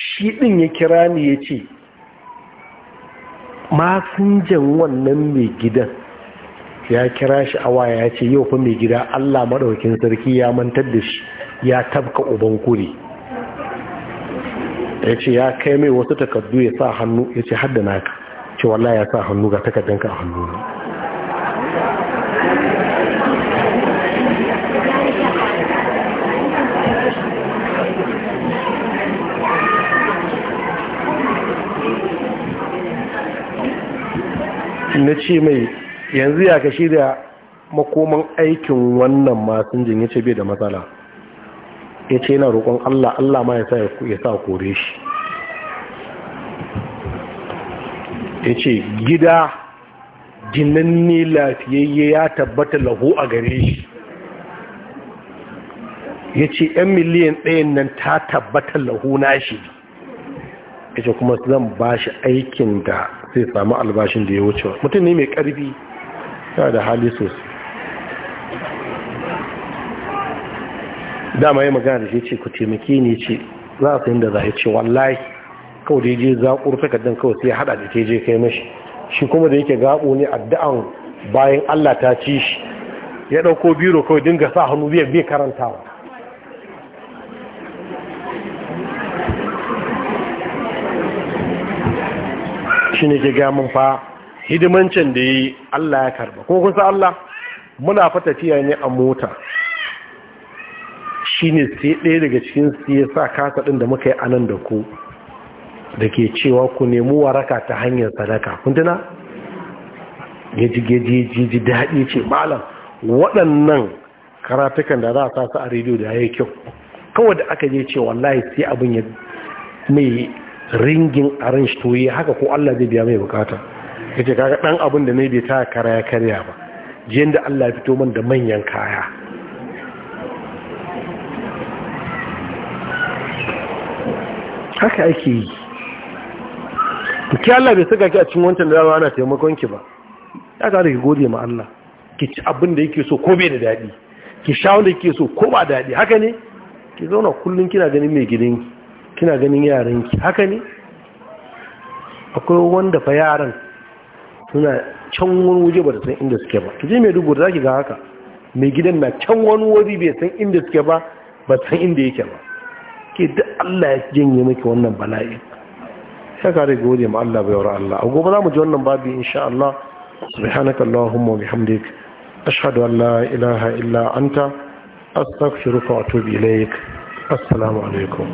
shi ɗin ya kira ni ya ce masinjan wannan mai gidan ya kira shi a waya ya ce yau fa mai gida allah maɗaukin sarki ya mantar da shi ya tabka uban kuri ya ce ya kai mai wasu takardu ya sa hannu ya ce haddana ka ce wallah ya sa hannu ga takardanka a hannu na ce mai yanzu ya kashi da makoman aikin wannan masun ya ce bai da matsala ya ce yana roƙon allah allah ma ya sa kore shi ya ce gida jinanni lafiyayye ya tabbata lahu a gare shi ya ce 'yan miliyan ɗayan nan ta tabbata lahu na shi ya ce kuma zan ba shi aikin da zai samu albashin da ya wuce mutum ne mai karfi yana da hali sosai dama ya magana da shi ce ku taimake ne ce za a sayin da za a yi ce wallahi kawai da ya je zaƙur kawai sai ya haɗa da ke je kai mashi shi kuma da yake gaɓo ne addu'an bayan allah ta ci shi ya ɗauko biro kawai dinga sa hannu biyar bai karantawa shi ne ke gamin fa hidimancin da yi Allah ya karba ko kusa Allah muna fa tafiya ne a mota shi ne sai ɗaya daga cikin su ya sa kasa ɗin da muka yi anan da ku da ke cewa ku nemi waraka ta hanyar sadaka ya ji gaji daɗi ce malam waɗannan karatukan da za a sa su a rediyo da ya yi kyau kawai da aka je ce wallahi sai abin ya mai ringin aran shi to yi haka ko Allah zai biya mai bukata yace kaga dan abin da mai bai ta ya karya ba jiyan da Allah ya fito man da manyan kaya haka ake yi ki Allah bai saka ki a cikin wancan da zama ana taimakon ki ba ya ga da ki gode ma Allah ki ci abin da yake so ko bai da dadi ki sha wanda yake so ko ba dadi haka ne ki zauna kullum kina ganin mai gidanki kina ganin yaranki haka ne akwai wanda fa yaran suna can wani waje ba da san inda suke ba kije mai dubu da zaki ga haka mai gidan na can wani waje bai san inda suke ba ba san inda yake ba ke duk Allah ya janye miki wannan bala'i saka ka gode ma Allah bai wara Allah a gobe za mu ji wannan babu insha Allah subhanaka allahumma wa bihamdik ashhadu an la ilaha illa anta astaghfiruka wa atubu ilaik assalamu alaikum